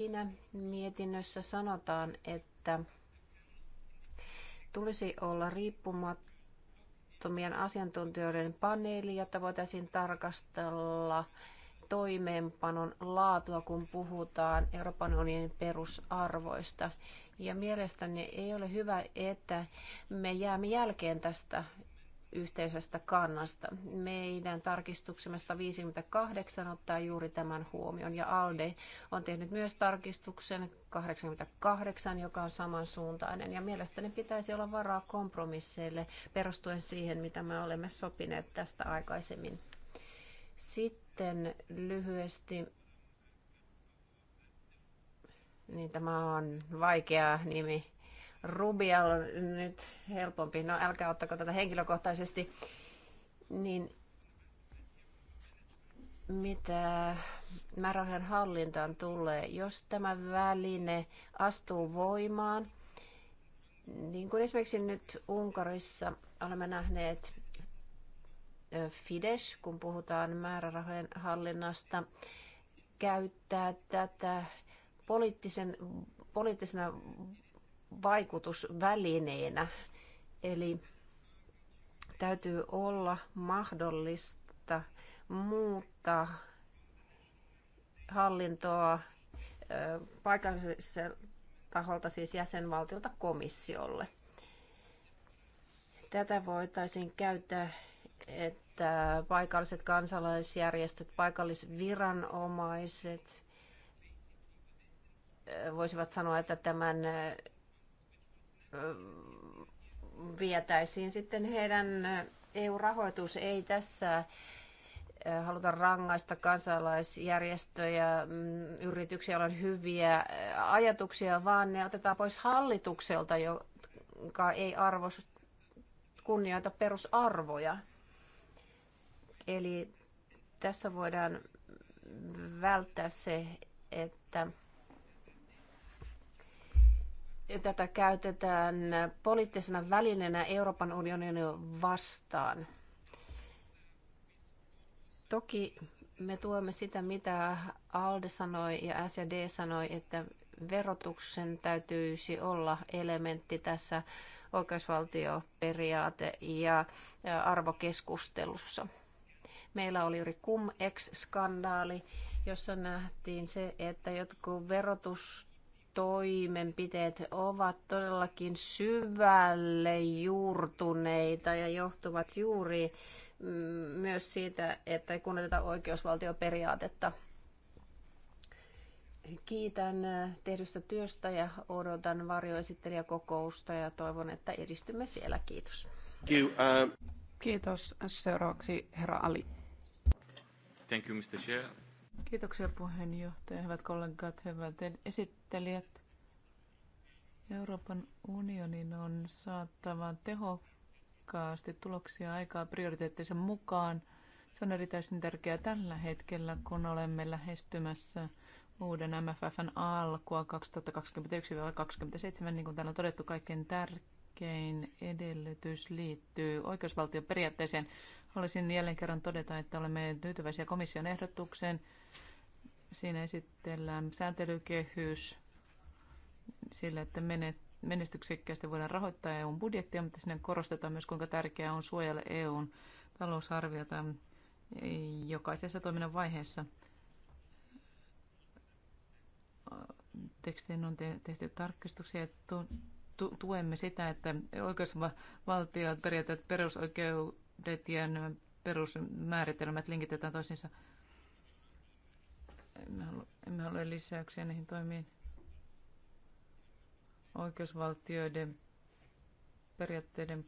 Siinä mietinnössä sanotaan, että tulisi olla riippumattomien asiantuntijoiden paneeli, jotta voitaisiin tarkastella toimeenpanon laatua, kun puhutaan Euroopan unionin perusarvoista. Ja mielestäni ei ole hyvä, että me jäämme jälkeen tästä yhteisestä kannasta. Meidän tarkistuksemme 158 ottaa juuri tämän huomioon ja ALDE on tehnyt myös tarkistuksen 88, joka on samansuuntainen ja mielestäni pitäisi olla varaa kompromisseille perustuen siihen, mitä me olemme sopineet tästä aikaisemmin. Sitten lyhyesti niin tämä on vaikea nimi. Rubia on nyt helpompi, no älkää ottako tätä henkilökohtaisesti, niin mitä määrärahojen hallintaan tulee, jos tämä väline astuu voimaan, niin kuin esimerkiksi nyt Unkarissa olemme nähneet Fides, kun puhutaan määrärahojen hallinnasta, käyttää tätä poliittisen, poliittisena vaikutusvälineenä. Eli täytyy olla mahdollista muuttaa hallintoa paikalliselta taholta, siis jäsenvaltiolta komissiolle. Tätä voitaisiin käyttää, että paikalliset kansalaisjärjestöt, paikallisviranomaiset voisivat sanoa, että tämän vietäisiin sitten heidän EU-rahoitus. Ei tässä haluta rangaista kansalaisjärjestöjä, mm, yrityksiä, joilla on hyviä ajatuksia, vaan ne otetaan pois hallitukselta, joka ei arvosta kunnioita perusarvoja. Eli tässä voidaan välttää se, että tätä käytetään poliittisena välineenä Euroopan unionin vastaan. Toki me tuemme sitä, mitä ALDE sanoi ja SD sanoi, että verotuksen täytyisi olla elementti tässä oikeusvaltioperiaate- ja arvokeskustelussa. Meillä oli juuri Cum Ex-skandaali, jossa nähtiin se, että jotkut verotus toimenpiteet ovat todellakin syvälle juurtuneita ja johtuvat juuri mm, myös siitä, että ei kunnioiteta oikeusvaltioperiaatetta. Kiitän tehdystä työstä ja odotan varjoesittelijäkokousta ja toivon, että edistymme siellä. Kiitos. Uh, Kiitos. Seuraavaksi herra Ali. Thank you, Mr. Chair. Kiitoksia puheenjohtaja, hyvät kollegat, hyvät esittelijät. Euroopan unionin on saattava tehokkaasti tuloksia aikaa prioriteettinsa mukaan. Se on erittäin tärkeää tällä hetkellä, kun olemme lähestymässä uuden MFFn alkua 2021-2027, niin kuin täällä on todettu kaikkein tärkeää tärkein edellytys liittyy oikeusvaltioperiaatteeseen. Haluaisin jälleen kerran todeta, että olemme tyytyväisiä komission ehdotukseen. Siinä esitellään sääntelykehys sillä, että menestyksekkäästi voidaan rahoittaa EUn budjettia, mutta sinne korostetaan myös, kuinka tärkeää on suojella EUn talousarviota jokaisessa toiminnan vaiheessa. Tekstiin on tehty tarkistuksia, että tuemme sitä, että oikeusvaltiot, periaatteet, perusoikeudet ja perusmääritelmät linkitetään toisiinsa. Emme halua, emme halua lisäyksiä näihin toimiin. Oikeusvaltioiden periaatteiden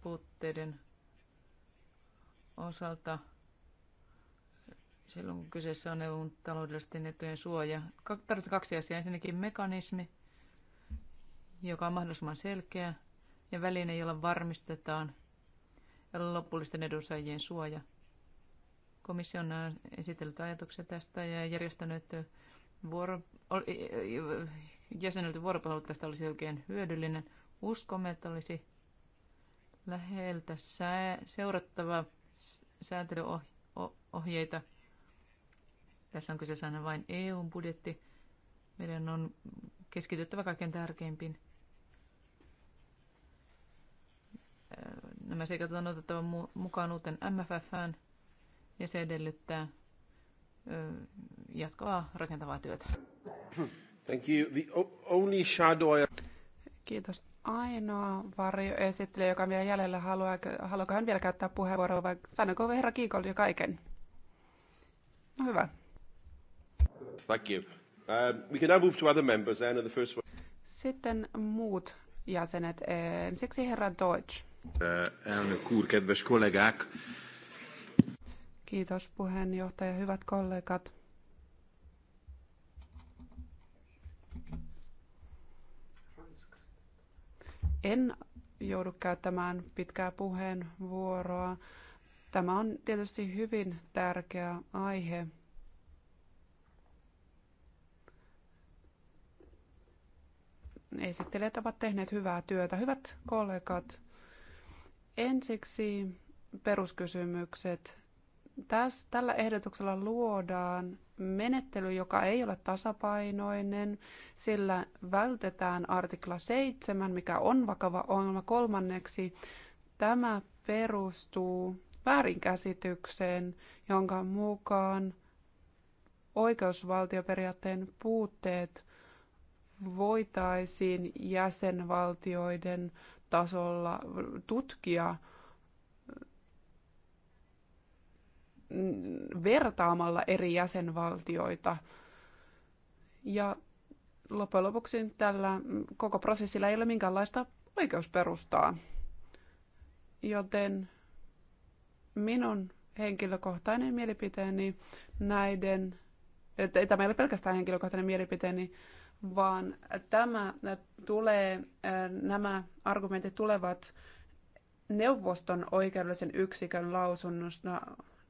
puutteiden osalta silloin kun kyseessä on EUn taloudellisten etujen suoja. Tarvitaan kaksi asiaa. Ensinnäkin mekanismi, joka on mahdollisimman selkeä ja väline, jolla varmistetaan lopullisten edunsaajien suoja. Komissio on äh, esitellyt ajatuksia tästä ja järjestänyt äh, vuoro, jäsenelty vuoropuhelu tästä olisi oikein hyödyllinen. Uskomme, että olisi läheltä seurattava sääntelyohjeita. Tässä on kyseessä aina vain EU-budjetti. Meidän on keskityttävä kaiken tärkeimpiin. Nämä seikat on otettava mukaan uuteen MFFään ja se edellyttää jatkavaa rakentavaa työtä. Thank you. The only shadow I... Kiitos. Ainoa varjoesittelijä, joka on vielä jäljellä, haluaa, haluaako hän vielä käyttää puheenvuoroa vai sanoiko herra Kiikolle jo kaiken? No hyvä. Thank you. Uh, we can now move to other members then, the first one... Sitten muut jäsenet. Ensiksi herra Deutsch. Eh, elnök úr, kedves kollégák! Kiitos puheenjohtaja, hyvät kollegat. En joudu käyttämään pitkää puheenvuoroa. Tämä on tietysti hyvin tärkeä aihe. Esittelijät ovat tehneet hyvää työtä. Hyvät kollegat, Ensiksi peruskysymykset. Täs, tällä ehdotuksella luodaan menettely, joka ei ole tasapainoinen, sillä vältetään artikla 7, mikä on vakava ongelma kolmanneksi. Tämä perustuu väärinkäsitykseen, jonka mukaan oikeusvaltioperiaatteen puutteet voitaisiin jäsenvaltioiden tasolla tutkia vertaamalla eri jäsenvaltioita. Ja loppujen lopuksi tällä koko prosessilla ei ole minkäänlaista oikeusperustaa. Joten minun henkilökohtainen mielipiteeni näiden, tämä ei ole pelkästään henkilökohtainen mielipiteeni, vaan tämä tulee, äh, nämä argumentit tulevat neuvoston oikeudellisen yksikön lausunnosta.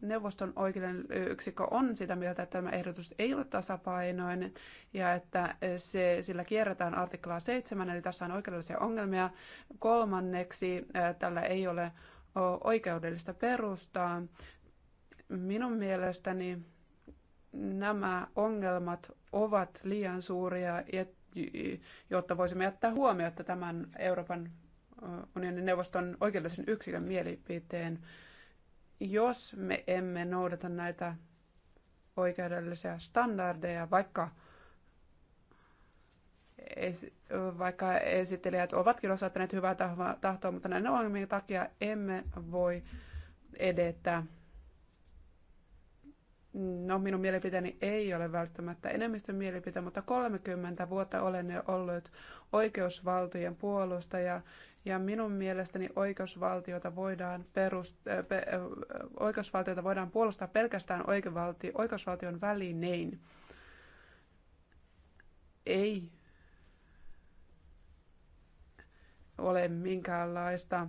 Neuvoston oikeudellinen yksikkö on sitä mieltä, että tämä ehdotus ei ole tasapainoinen ja että se, sillä kierretään artiklaa 7, eli tässä on oikeudellisia ongelmia. Kolmanneksi äh, tällä ei ole oikeudellista perustaa. Minun mielestäni nämä ongelmat ovat liian suuria, jotta voisimme jättää huomiota tämän Euroopan unionin neuvoston oikeudellisen yksikön mielipiteen. Jos me emme noudata näitä oikeudellisia standardeja, vaikka, vaikka esittelijät ovatkin osoittaneet hyvää tahtoa, mutta näiden ongelmien takia emme voi edetä. No, minun mielipiteeni ei ole välttämättä enemmistön mielipite, mutta 30 vuotta olen jo ollut oikeusvaltojen puolustaja. Ja minun mielestäni oikeusvaltiota voidaan, perust, pe, oikeusvaltiota voidaan puolustaa pelkästään oikeusvalti, oikeusvaltion välinein. Ei ole minkäänlaista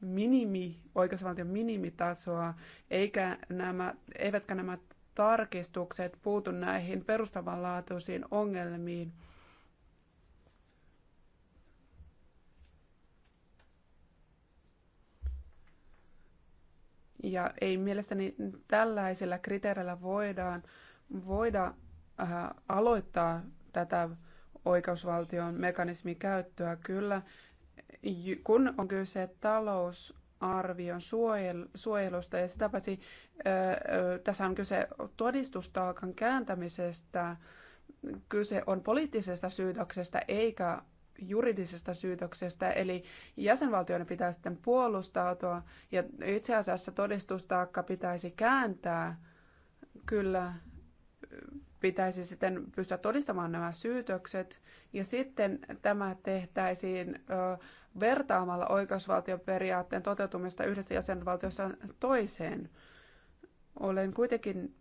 minimi, oikeusvaltion minimitasoa, eikä nämä, eivätkä nämä tarkistukset puutu näihin perustavanlaatuisiin ongelmiin. Ja ei mielestäni tällaisilla kriteereillä voidaan voida äh, aloittaa tätä oikeusvaltion mekanismin käyttöä. Kyllä kun on kyse talousarvion suojelusta ja sitä paitsi tässä on kyse todistustaakan kääntämisestä, kyse on poliittisesta syytöksestä eikä juridisesta syytöksestä, eli jäsenvaltioiden pitää sitten puolustautua, ja itse asiassa todistustaakka pitäisi kääntää kyllä pitäisi sitten pystyä todistamaan nämä syytökset. Ja sitten tämä tehtäisiin vertaamalla oikeusvaltioperiaatteen toteutumista yhdestä jäsenvaltiossa toiseen. Olen kuitenkin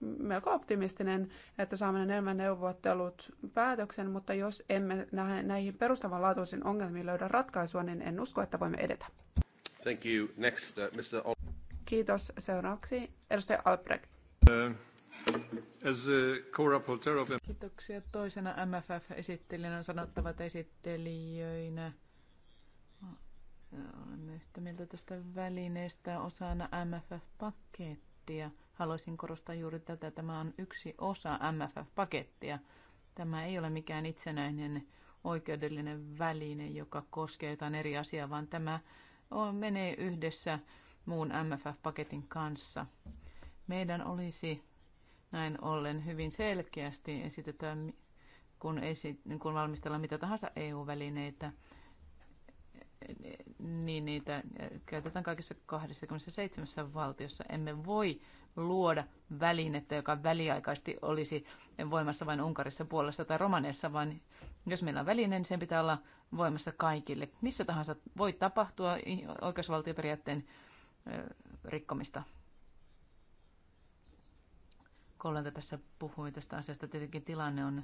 melko optimistinen, että saamme enemmän neuvottelut päätöksen, mutta jos emme näihin perustavanlaatuisiin ongelmiin löydä ratkaisua, niin en usko, että voimme edetä. Thank you. Next, uh, Mr. Kiitos. Seuraavaksi edustaja Albrecht. Äh, äh, Kiitoksia. Toisena MFF-esittelijänä on sanottava, että esittelijöinä olemme yhtä mieltä tästä välineestä osana MFF-pakettia. Haluaisin korostaa juuri tätä. Tämä on yksi osa MFF-pakettia. Tämä ei ole mikään itsenäinen oikeudellinen väline, joka koskee jotain eri asiaa, vaan tämä on, menee yhdessä muun MFF-paketin kanssa. Meidän olisi näin ollen hyvin selkeästi esitetään, kun, esi- kun valmistellaan mitä tahansa EU-välineitä, niin niitä käytetään kaikissa 27 valtiossa. Emme voi luoda välinettä, joka väliaikaisesti olisi voimassa vain Unkarissa, Puolassa tai Romaneessa, vaan jos meillä on väline, niin sen pitää olla voimassa kaikille. Missä tahansa voi tapahtua oikeusvaltioperiaatteen rikkomista. Kollega tässä puhui tästä asiasta. Tietenkin tilanne on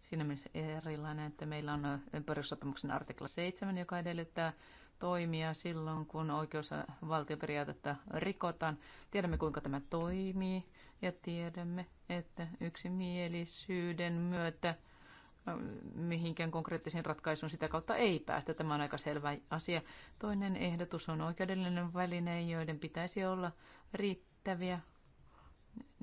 siinä mielessä erilainen, että meillä on perussopimuksen artikla 7, joka edellyttää toimia silloin, kun oikeusvaltioperiaatetta rikotaan. Tiedämme, kuinka tämä toimii ja tiedämme, että yksimielisyyden myötä mihinkään konkreettisiin ratkaisuun sitä kautta ei päästä. Tämä on aika selvä asia. Toinen ehdotus on oikeudellinen väline, joiden pitäisi olla riittäviä,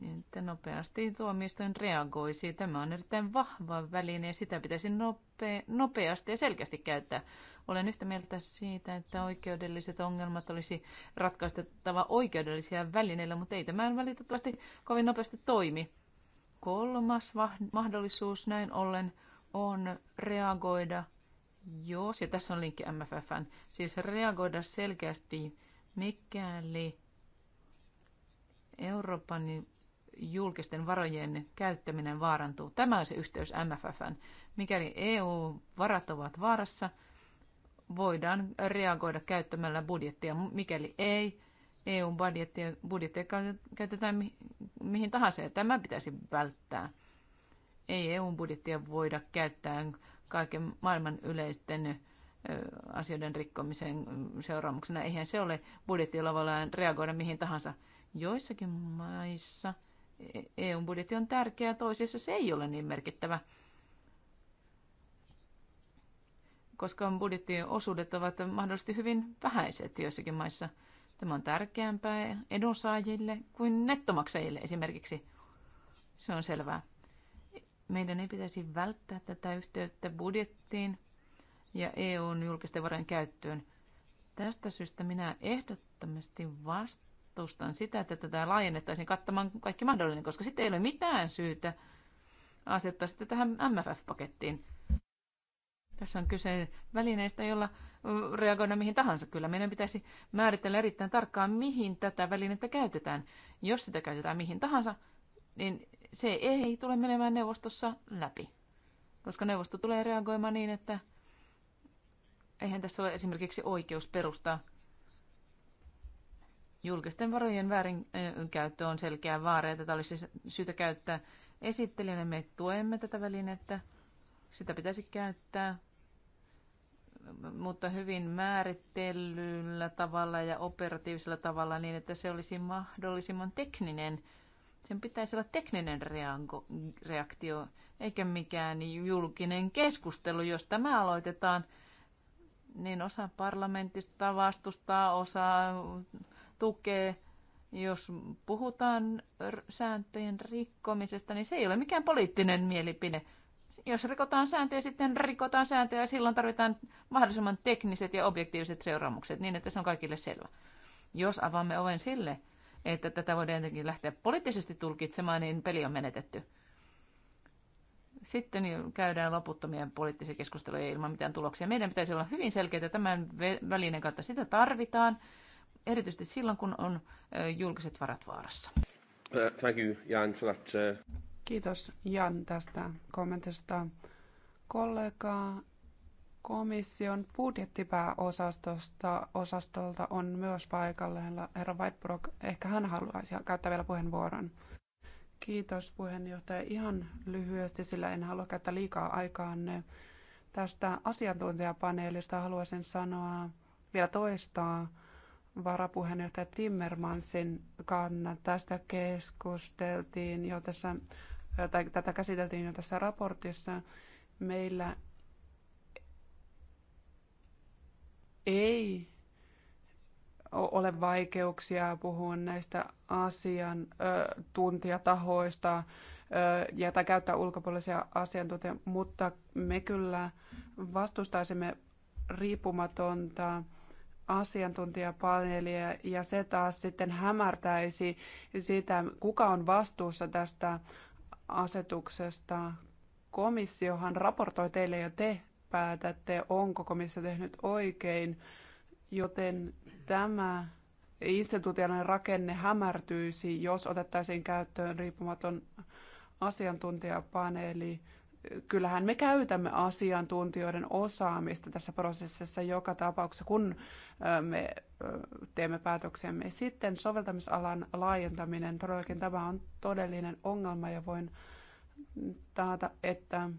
niin että nopeasti tuomioistuin reagoisi. Tämä on erittäin vahva väline ja sitä pitäisi nope- nopeasti ja selkeästi käyttää. Olen yhtä mieltä siitä, että oikeudelliset ongelmat olisi ratkaistettava oikeudellisia välineillä, mutta ei tämä valitettavasti kovin nopeasti toimi. Kolmas mahdollisuus näin ollen on reagoida, jos, ja tässä on linkki MFFn, siis reagoida selkeästi, mikäli Euroopan julkisten varojen käyttäminen vaarantuu. Tämä on se yhteys MFFn. Mikäli EU-varat ovat vaarassa, voidaan reagoida käyttämällä budjettia. Mikäli ei, EU-budjettia budjettia käytetään mihin tahansa ja tämä pitäisi välttää. Ei EUn budjettia voida käyttää kaiken maailman yleisten asioiden rikkomisen seuraamuksena. Eihän se ole budjetti, jolla voidaan reagoida mihin tahansa. Joissakin maissa e- EUn budjetti on tärkeä, toisissa se ei ole niin merkittävä. Koska budjettien osuudet ovat mahdollisesti hyvin vähäiset joissakin maissa. Tämä on tärkeämpää edunsaajille kuin nettomaksajille esimerkiksi. Se on selvää. Meidän ei pitäisi välttää tätä yhteyttä budjettiin ja EUn julkisten varojen käyttöön. Tästä syystä minä ehdottomasti vastustan sitä, että tätä laajennettaisiin kattamaan kaikki mahdollinen, koska sitten ei ole mitään syytä asettaa sitä tähän MFF-pakettiin. Tässä on kyse välineistä, jolla reagoidaan mihin tahansa. Kyllä meidän pitäisi määritellä erittäin tarkkaan, mihin tätä välinettä käytetään. Jos sitä käytetään mihin tahansa, niin se ei tule menemään neuvostossa läpi. Koska neuvosto tulee reagoimaan niin, että eihän tässä ole esimerkiksi oikeus perustaa. Julkisten varojen väärinkäyttö on selkeä vaara ja tätä olisi syytä käyttää esittelijänä. Me tuemme tätä välinettä. Sitä pitäisi käyttää mutta hyvin määrittellyllä tavalla ja operatiivisella tavalla niin, että se olisi mahdollisimman tekninen sen pitäisi olla tekninen reaktio, eikä mikään julkinen keskustelu. Jos tämä aloitetaan, niin osa parlamentista vastustaa, osa tukee. Jos puhutaan sääntöjen rikkomisesta, niin se ei ole mikään poliittinen mielipide jos rikotaan sääntöjä, sitten rikotaan sääntöjä ja silloin tarvitaan mahdollisimman tekniset ja objektiiviset seuraamukset niin, että se on kaikille selvä. Jos avaamme oven sille, että tätä voidaan jotenkin lähteä poliittisesti tulkitsemaan, niin peli on menetetty. Sitten käydään loputtomia poliittisia keskusteluja ilman mitään tuloksia. Meidän pitäisi olla hyvin selkeitä tämän välineen kautta. Sitä tarvitaan, erityisesti silloin, kun on julkiset varat vaarassa. Uh, thank you, Jan, for that. Uh, Kiitos Jan tästä kommentista. Kollega Komission budjettipääosastosta osastolta on myös paikalla herra Whitebrook. Ehkä hän haluaisi käyttää vielä puheenvuoron. Kiitos puheenjohtaja. Ihan lyhyesti, sillä en halua käyttää liikaa aikaanne. Tästä asiantuntijapaneelista haluaisin sanoa vielä toistaa varapuheenjohtaja Timmermansin kannan Tästä keskusteltiin jo tässä, tai tätä käsiteltiin jo tässä raportissa. Meillä ei ole vaikeuksia puhua näistä asiantuntijatahoista ja tai käyttää ulkopuolisia asiantuntijoita, mutta me kyllä vastustaisimme riippumatonta asiantuntijapaneelia ja se taas sitten hämärtäisi sitä, kuka on vastuussa tästä asetuksesta. Komissiohan raportoi teille ja te päätätte, onko komissio tehnyt oikein, joten tämä institutionaalinen rakenne hämärtyisi, jos otettaisiin käyttöön riippumaton asiantuntijapaneeli. Kyllähän me käytämme asiantuntijoiden osaamista tässä prosessissa joka tapauksessa, kun me teemme päätöksemme. Sitten soveltamisalan laajentaminen, todellakin tämä on todellinen ongelma ja voin taata, että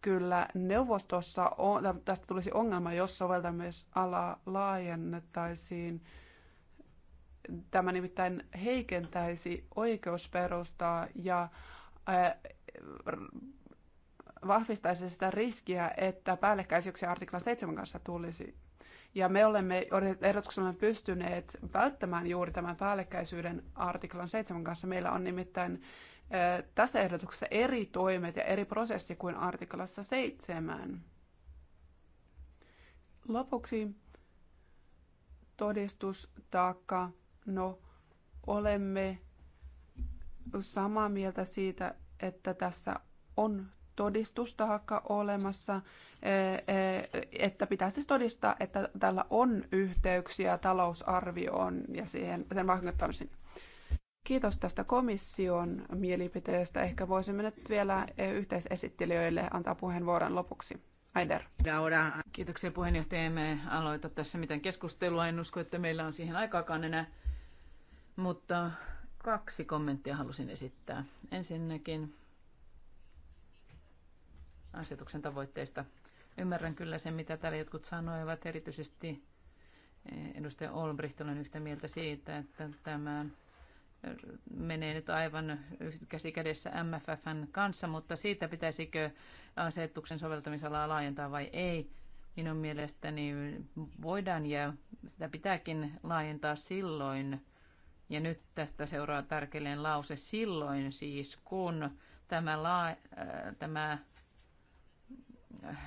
kyllä neuvostossa on, tästä tulisi ongelma, jos soveltamisalaa laajennettaisiin. Tämä nimittäin heikentäisi oikeusperustaa ja vahvistaisi sitä riskiä, että päällekkäisyyksiä artiklan 7 kanssa tulisi. Ja me olemme ehdotuksella pystyneet välttämään juuri tämän päällekkäisyyden artiklan 7 kanssa. Meillä on nimittäin tässä ehdotuksessa eri toimet ja eri prosessi kuin artiklassa 7. Lopuksi todistustaakka. No, olemme samaa mieltä siitä, että tässä on todistustaakka olemassa, että pitäisi siis todistaa, että tällä on yhteyksiä talousarvioon ja siihen, sen vaikuttamiseen. Kiitos tästä komission mielipiteestä. Ehkä voisimme nyt vielä eh, yhteisesittelijöille antaa puheenvuoron lopuksi. Aider. Kiitoksia puheenjohtaja. Emme aloita tässä mitään keskustelua. En usko, että meillä on siihen aikaakaan enää. Mutta kaksi kommenttia halusin esittää. Ensinnäkin asetuksen tavoitteista. Ymmärrän kyllä sen, mitä täällä jotkut sanoivat, erityisesti eh, edustaja Olbricht, olen yhtä mieltä siitä, että tämä menee nyt aivan käsi kädessä MFFn kanssa, mutta siitä pitäisikö asetuksen soveltamisalaa laajentaa vai ei? Minun mielestäni voidaan ja sitä pitääkin laajentaa silloin, ja nyt tästä seuraa tärkeleen lause silloin siis, kun tämä, äh, tämä äh,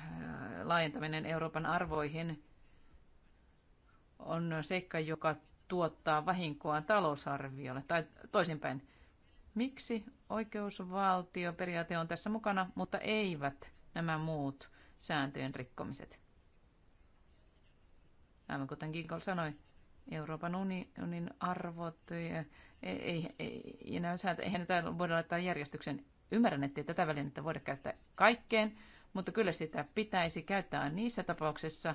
laajentaminen Euroopan arvoihin on seikka, joka tuottaa vahinkoa talousarviolle, tai toisinpäin, miksi oikeusvaltioperiaate on tässä mukana, mutta eivät nämä muut sääntöjen rikkomiset. Aivan kuten Ginkol sanoi, Euroopan unionin arvot, e, ei, ei, ei, ei nämä sääntö, eihän näitä voida laittaa järjestyksen. Ymmärrän, että tätä välinettä voida käyttää kaikkeen, mutta kyllä sitä pitäisi käyttää niissä tapauksissa,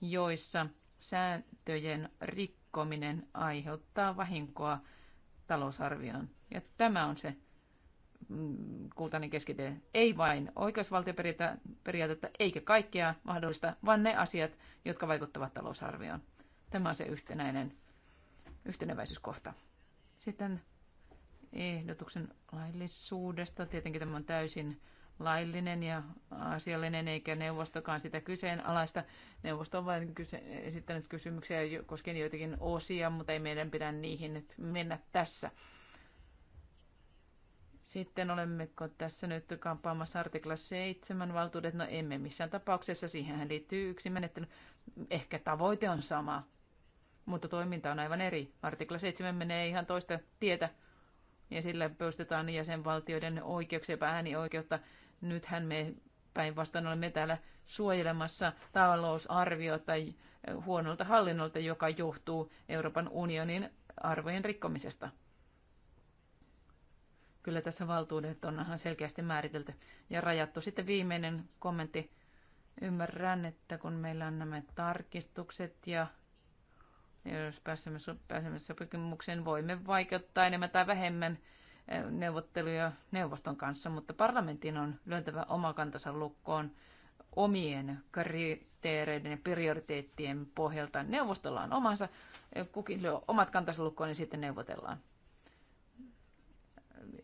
joissa sääntöjen rikkomiset rikkominen aiheuttaa vahinkoa talousarvioon. Ja tämä on se mm, kultainen keskite. Ei vain oikeusvaltioperiaatetta eikä kaikkea mahdollista, vaan ne asiat, jotka vaikuttavat talousarvioon. Tämä on se yhtenäinen yhteneväisyyskohta. Sitten ehdotuksen laillisuudesta. Tietenkin tämä on täysin laillinen ja asiallinen, eikä neuvostokaan sitä kyseenalaista. Neuvosto on vain kyse- esittänyt kysymyksiä koskien joitakin osia, mutta ei meidän pidä niihin nyt mennä tässä. Sitten olemmeko tässä nyt kampaamassa artikla 7 valtuudet? No emme missään tapauksessa. Siihen liittyy yksi menettely. Ehkä tavoite on sama, mutta toiminta on aivan eri. Artikla 7 menee ihan toista tietä ja sillä pystytään jäsenvaltioiden oikeuksia, äänioikeutta Nythän me päinvastoin olemme täällä suojelemassa talousarviota huonolta hallinnolta, joka johtuu Euroopan unionin arvojen rikkomisesta. Kyllä tässä valtuudet on ihan selkeästi määritelty ja rajattu. Sitten viimeinen kommentti. Ymmärrän, että kun meillä on nämä tarkistukset ja jos pääsemme, pääsemme sopimukseen, voimme vaikuttaa enemmän tai vähemmän neuvotteluja neuvoston kanssa, mutta parlamentin on lyöntävä oma kantansa lukkoon omien kriteereiden ja prioriteettien pohjalta. Neuvostolla on omansa, kukin lyö omat kantansa lukkoon, niin sitten neuvotellaan.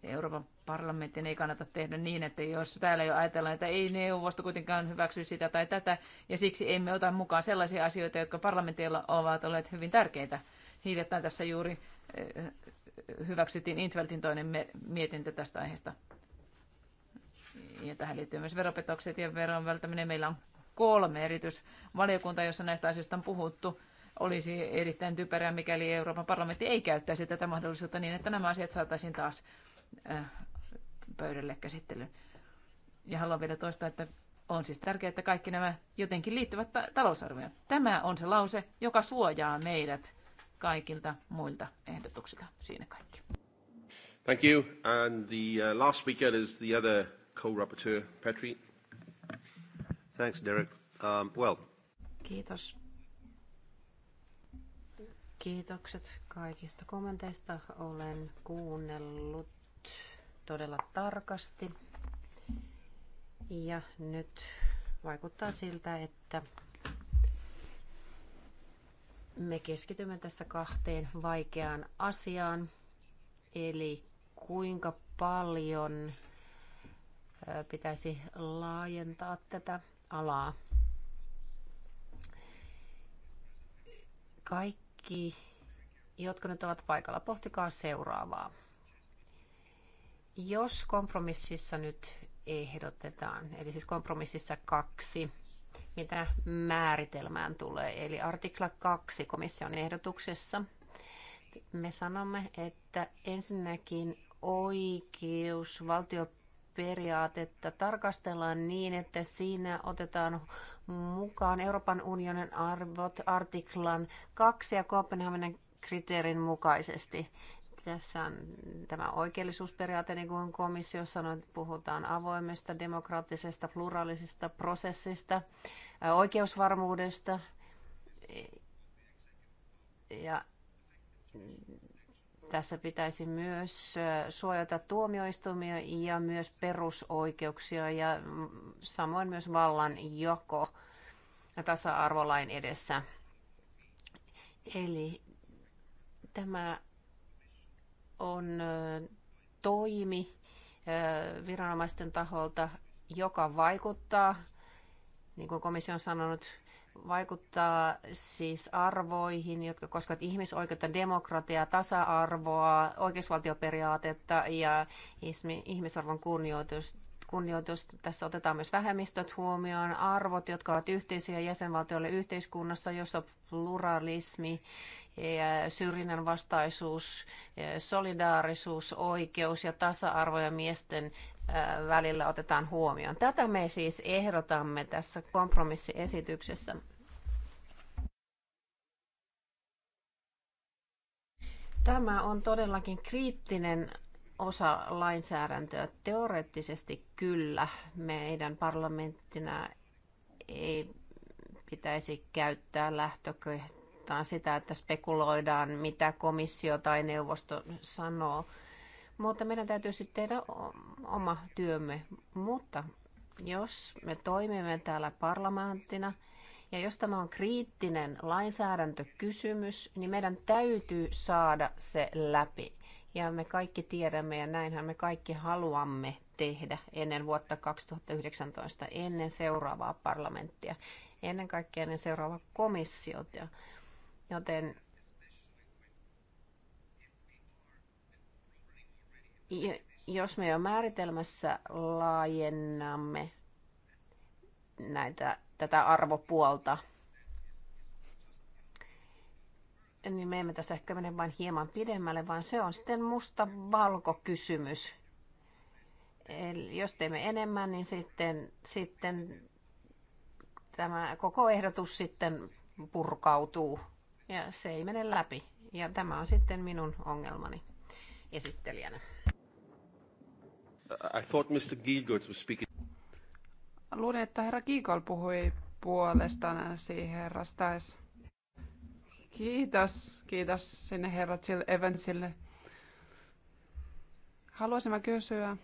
Euroopan parlamentin ei kannata tehdä niin, että jos täällä jo ajatellaan, että ei neuvosto kuitenkaan hyväksy sitä tai tätä, ja siksi emme ota mukaan sellaisia asioita, jotka parlamentilla ovat olleet hyvin tärkeitä. Hiljattain tässä juuri hyväksyttiin Intveltin toinen mietintö tästä aiheesta. Ja tähän liittyy myös veropetokset ja veron välttäminen. Meillä on kolme erityisvaliokuntaa, jossa näistä asioista on puhuttu. Olisi erittäin typerää, mikäli Euroopan parlamentti ei käyttäisi tätä mahdollisuutta niin, että nämä asiat saataisiin taas äh, pöydälle käsittelyyn. Ja haluan vielä toistaa, että on siis tärkeää, että kaikki nämä jotenkin liittyvät ta- talousarvioon. Tämä on se lause, joka suojaa meidät kaikilta muilta ehdotuksilta. Siinä kaikki. Thank you. And the uh, last speaker is the other co-rapporteur, Petri. Thanks, Derek. Um, well. Kiitos. Kiitokset kaikista kommenteista. Olen kuunnellut todella tarkasti. Ja nyt vaikuttaa siltä, että me keskitymme tässä kahteen vaikeaan asiaan, eli kuinka paljon pitäisi laajentaa tätä alaa. Kaikki, jotka nyt ovat paikalla, pohtikaa seuraavaa. Jos kompromississa nyt ehdotetaan, eli siis kompromississa kaksi, mitä määritelmään tulee. Eli artikla 2 komission ehdotuksessa me sanomme, että ensinnäkin oikeus valtioperiaatetta tarkastellaan niin, että siinä otetaan mukaan Euroopan unionin arvot artiklan 2 ja Kopenhaminan kriteerin mukaisesti. Tässä on tämä oikeellisuusperiaate, niin kuin komissio sanoi, että puhutaan avoimesta, demokraattisesta, pluraalisesta prosessista, oikeusvarmuudesta. Ja tässä pitäisi myös suojata tuomioistumia ja myös perusoikeuksia ja samoin myös vallan joko tasa-arvolain edessä. Eli tämä on toimi viranomaisten taholta, joka vaikuttaa, niin kuin komissio on sanonut, vaikuttaa siis arvoihin, jotka koskevat ihmisoikeutta, demokratiaa, tasa-arvoa, oikeusvaltioperiaatetta ja ihmisarvon kunnioitusta. Kunnioitus. Tässä otetaan myös vähemmistöt huomioon, arvot, jotka ovat yhteisiä jäsenvaltioille yhteiskunnassa, jossa pluralismi syrjinnän vastaisuus, solidaarisuus, oikeus ja tasa-arvo ja miesten välillä otetaan huomioon. Tätä me siis ehdotamme tässä kompromissiesityksessä. Tämä on todellakin kriittinen osa lainsäädäntöä. Teoreettisesti kyllä meidän parlamenttina ei pitäisi käyttää lähtökohtia tarvitaan sitä, että spekuloidaan, mitä komissio tai neuvosto sanoo. Mutta meidän täytyy sitten tehdä oma työmme. Mutta jos me toimimme täällä parlamenttina, ja jos tämä on kriittinen lainsäädäntökysymys, niin meidän täytyy saada se läpi. Ja me kaikki tiedämme ja näinhän me kaikki haluamme tehdä ennen vuotta 2019, ennen seuraavaa parlamenttia, ennen kaikkea ennen seuraavaa komissiota. Joten jos me jo määritelmässä laajennamme näitä, tätä arvopuolta, niin me emme tässä ehkä mene vain hieman pidemmälle, vaan se on sitten musta valkokysymys. Eli jos teemme enemmän, niin sitten, sitten tämä koko ehdotus sitten purkautuu ja se ei mene läpi. Ja tämä on sitten minun ongelmani esittelijänä. I thought Mr. Gilgold was speaking. Luulin, että herra Kiikol puhui puolestaan herrastais. Kiitos, kiitos sinne herra Jill Evansille. Haluaisin mä kysyä,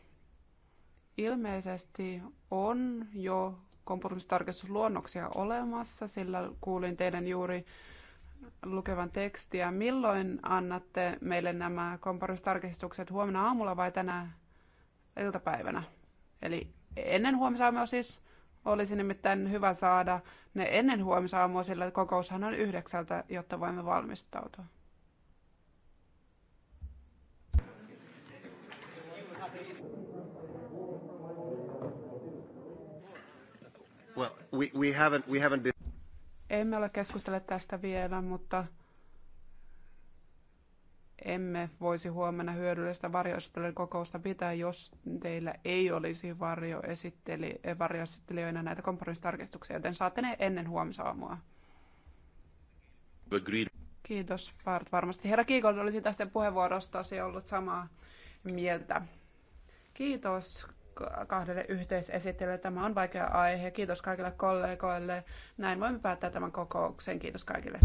ilmeisesti on jo kompromissitarkistusluonnoksia olemassa, sillä kuulin teidän juuri lukevan tekstiä. Milloin annatte meille nämä kompromissitarkistukset? Huomenna aamulla vai tänä iltapäivänä? Eli ennen huomisaamua siis olisi nimittäin hyvä saada ne ennen huomisaamua, sillä kokoushan on yhdeksältä, jotta voimme valmistautua. Well, we, we haven't, we haven't been... Emme ole keskustelleet tästä vielä, mutta emme voisi huomenna hyödyllistä varjoesittelyjen kokousta pitää, jos teillä ei olisi varjoesittelijöinä näitä kompromissitarkistuksia, joten saatte ne ennen huomisaamua. Kiitos Bart varmasti. Herra Kiikon olisi tästä puheenvuorostasi ollut samaa mieltä. Kiitos kahdelle yhteisesittelylle. Tämä on vaikea aihe. Kiitos kaikille kollegoille. Näin voimme päättää tämän kokouksen. Kiitos kaikille.